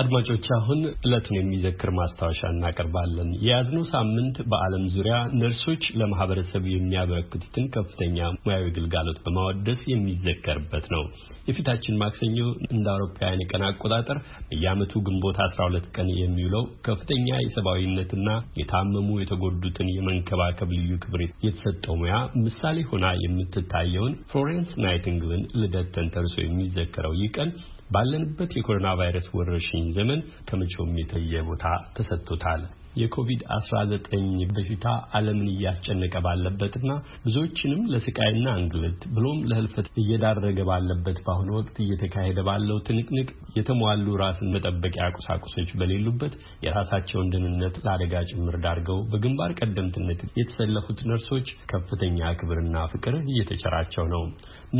አድማጮች አሁን ዕለቱን የሚዘክር ማስታወሻ እናቀርባለን። የያዝነው ሳምንት በዓለም ዙሪያ ነርሶች ለማህበረሰብ የሚያበረክቱትን ከፍተኛ ሙያዊ ግልጋሎት በማወደስ የሚዘከርበት ነው። የፊታችን ማክሰኞ እንደ አውሮፓውያን የቀን አቆጣጠር በየዓመቱ ግንቦት 12 ቀን የሚውለው ከፍተኛ የሰብአዊነትና የታመሙ የተጎዱትን የመንከባከብ ልዩ ክብር የተሰጠው ሙያ ምሳሌ ሆና የምትታየውን ፍሎሬንስ ናይትንግልን ልደት ተንተርሶ የሚዘከረው ይህ ቀን ባለንበት የኮሮና ቫይረስ ወረርሽኝ ዘመን ከመቼውም የተለየ ቦታ ተሰጥቶታል። የኮቪድ-19 በሽታ ዓለምን እያስጨነቀ ባለበትና ብዙዎችንም ለስቃይና እንግልት ብሎም ለህልፈት እየዳረገ ባለበት በአሁኑ ወቅት እየተካሄደ ባለው ትንቅንቅ የተሟሉ ራስን መጠበቂያ ቁሳቁሶች በሌሉበት የራሳቸውን ደህንነት ለአደጋ ጭምር ዳርገው በግንባር ቀደምትነት የተሰለፉት ነርሶች ከፍተኛ ክብርና ፍቅር እየተቸራቸው ነው።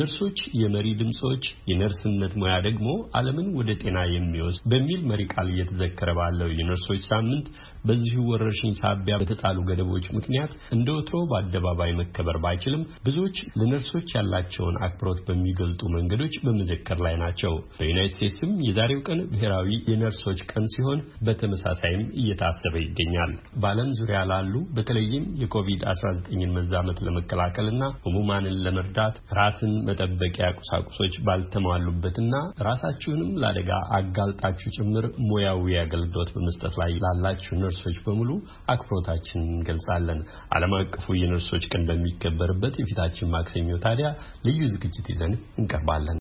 ነርሶች የመሪ ድምፆች፣ የነርስነት ሙያ ደግሞ ዓለምን ወደ ጤና የሚወስድ በሚል መሪ ቃል እየተዘከረ ባለው የነርሶች ሳምንት በዚሁ ወረርሽኝ ሳቢያ በተጣሉ ገደቦች ምክንያት እንደ ወትሮ በአደባባይ መከበር ባይችልም ብዙዎች ለነርሶች ያላቸውን አክብሮት በሚገልጡ መንገዶች በመዘከር ላይ ናቸው። በዩናይት ስቴትስም የዛሬው ቀን ብሔራዊ የነርሶች ቀን ሲሆን በተመሳሳይም እየታሰበ ይገኛል። በዓለም ዙሪያ ላሉ በተለይም የኮቪድ-19ን መዛመት ለመከላከልና ህሙማንን ለመርዳት ራስን መጠበቂያ ቁሳቁሶች ባልተሟሉበትና ራሳ ራሳችሁንም ለአደጋ አጋልጣችሁ ጭምር ሙያዊ አገልግሎት በመስጠት ላይ ላላችሁ ነርሶች በሙሉ አክብሮታችን እንገልጻለን። ዓለም አቀፉ የነርሶች ቀን በሚከበርበት የፊታችን ማክሰኞ ታዲያ ልዩ ዝግጅት ይዘን እንቀርባለን።